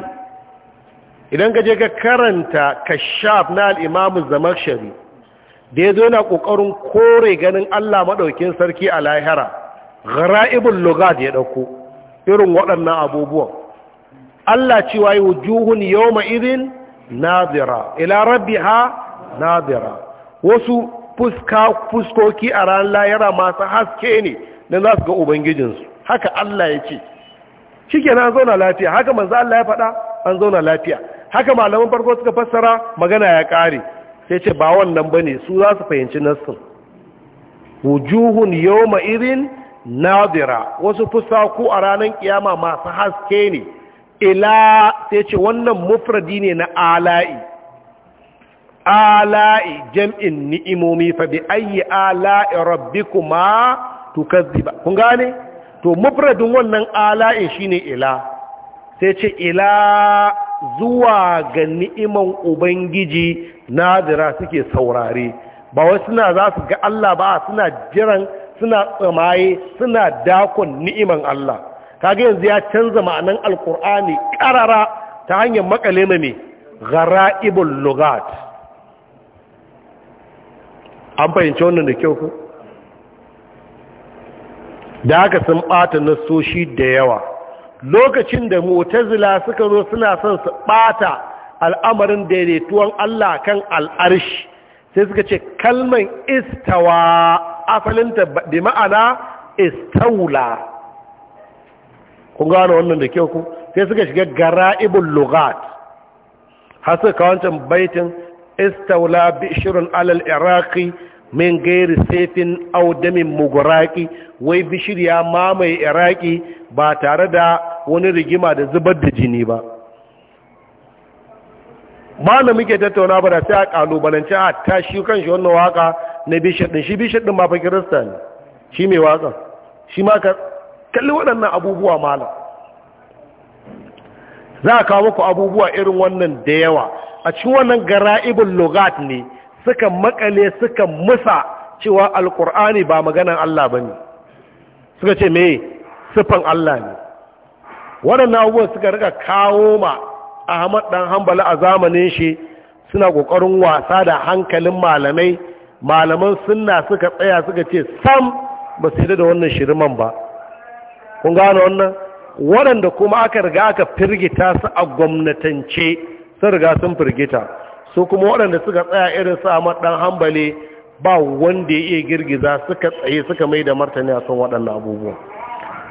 idan ka je ka karanta kashaf na al'imamu zamar shari da ya zo yana ƙoƙarin kore ganin allah maɗaukin sarki a lahira ibin lugad ya ɗauko irin waɗannan abubuwan allah cewa yi wujuhun yau ma'irin nazira ila rabbi ha nazira wasu fuska fuskoki a ranar lahira masu haske ne na za su ga ubangijinsu haka allah ya ce shikenan an zauna lafiya haka manzo Allah ya faɗa an zauna lafiya haka malaman farko suka fassara magana ya ƙare sai ce ba wannan bane su za su fahimci nassin wujuhun yawma irin nadira wasu ku a ranar kiyama masu haske ne ila sai ce wannan mufradi ne na ala'i ala'i jam'in ni'imomi fa bi ayyi ala'i rabbikuma tukazziba kun gane to mufradin wannan ala'in shine ila sai ce ila zuwa ga ni'iman ubangiji nadira suke saurare ba wai suna za su ga Allah ba suna jiran suna tsamaye suna dakon ni'iman Allah kage yanzu ya canza ma'anan alkur'ani ƙarara ta hanyar makale mai ghara'ibul lugat an fahimci wannan da kyau ku da haka sun ɓata nasoshi da yawa lokacin da mutazila suka zo suna son su ɓata al'amarin daidaituwan Allah kan al'arshi sai suka ce kalman istawa asalinta da ma'ana istaula kun gano wannan da kyau ku sai suka shiga ibin lugat har suka kawancin baitin istaula bi shirin alal iraki min gairi saifin audamin muguraki wai bishir ya mamaye iraki ba tare da wani rigima da zubar da jini ba ba da muke tattauna ba da sai a kalubalance a tashi kan shi wannan waka na bishir din shi bishir din fa kirista ne shi mai waka shi ma ka kalli waɗannan abubuwa malam za a kawo muku abubuwa irin wannan da yawa a cikin wannan gara'ibin logat ne suka makale suka musa cewa alkur'ani ba maganan Allah ba ne suka ce me sufan Allah ne waɗannan abubuwan suka rika kawo ma ahmad ɗan hambala a zamanin shi suna ƙoƙarin wasa da hankalin malamai malaman sunna suka tsaya suka ce sam ba su da wannan shirman ba kun gano wannan waɗanda kuma aka riga aka firgita su a gwamnatance sun riga sun firgita su kuma waɗanda suka tsaya irin su a dan hambali ba wanda ya iya girgiza suka tsaye suka mai da martani a son waɗanda abubuwan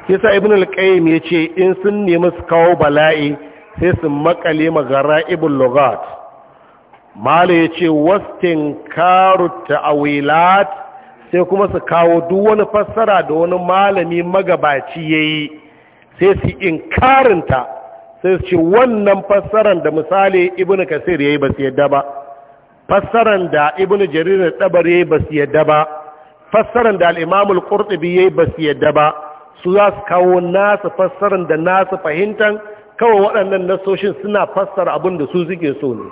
sai sa ibn al ya ce, in sun nemi su kawo bala'i sai su makale magara ibn lugat ya yace wastin karu ta'wilat sai kuma su kawo duk wani fassara da wani malami magabaci ya yi, sai su inkarinta sai ce wannan fassaran da misali ibn kasir yayi ba su yadda ba fassaran da ibn jarir dabar yayi ba su yadda ba fassaran da al-imam al-qurtubi yayi ba su yadda ba su za su kawo nasu fassaran da nasu fahimtan kawai waɗannan nasoshin suna fassara abin da su suke so ne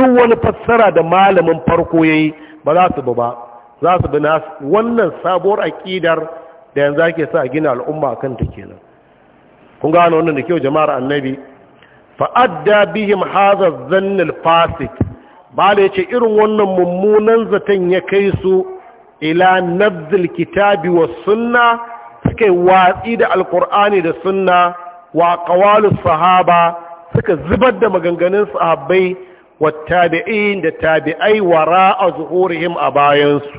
duk wani fassara da malamin farko yayi ba za su bi ba za su bi nasu wannan sabuwar aƙidar da yanzu ake sa gina al'umma kan ta kenan kun gano wannan da kyau jama'ar annabi fa'adda bihim haza zannil fasik ba da ya ce irin wannan mummunan zaton ya kai su ila nabzil kitabi wa sunna suka watsi da alkur'ani da sunna wa kawalus sahaba suka zubar da maganganun sahabbai wa tabi'in da tabi'ai wa ra'a zuhurihim a bayansu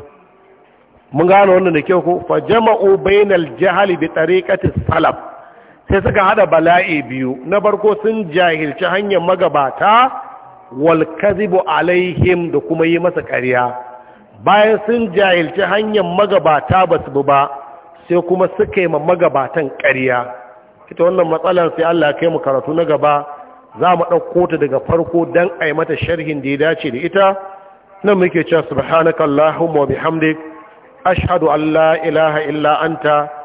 mun gano wannan da kyau ko fa jama'u bainal jahali bi tariqati salaf sai suka hada bala'i biyu na barko sun jahilci hanyar magabata wal kadhibu alaihim da kuma yi masa ƙarya bayan sun jahilci hanyar magabata ba su ba sai kuma suka yi magabatan ƙarya ita wannan matsalar sai Allah kai mu karatu na gaba za mu ɗauko ta daga farko dan a yi mata sharhin da ya dace da ita nan muke cewa subhanakallahumma wa bihamdik ashhadu an la ilaha illa anta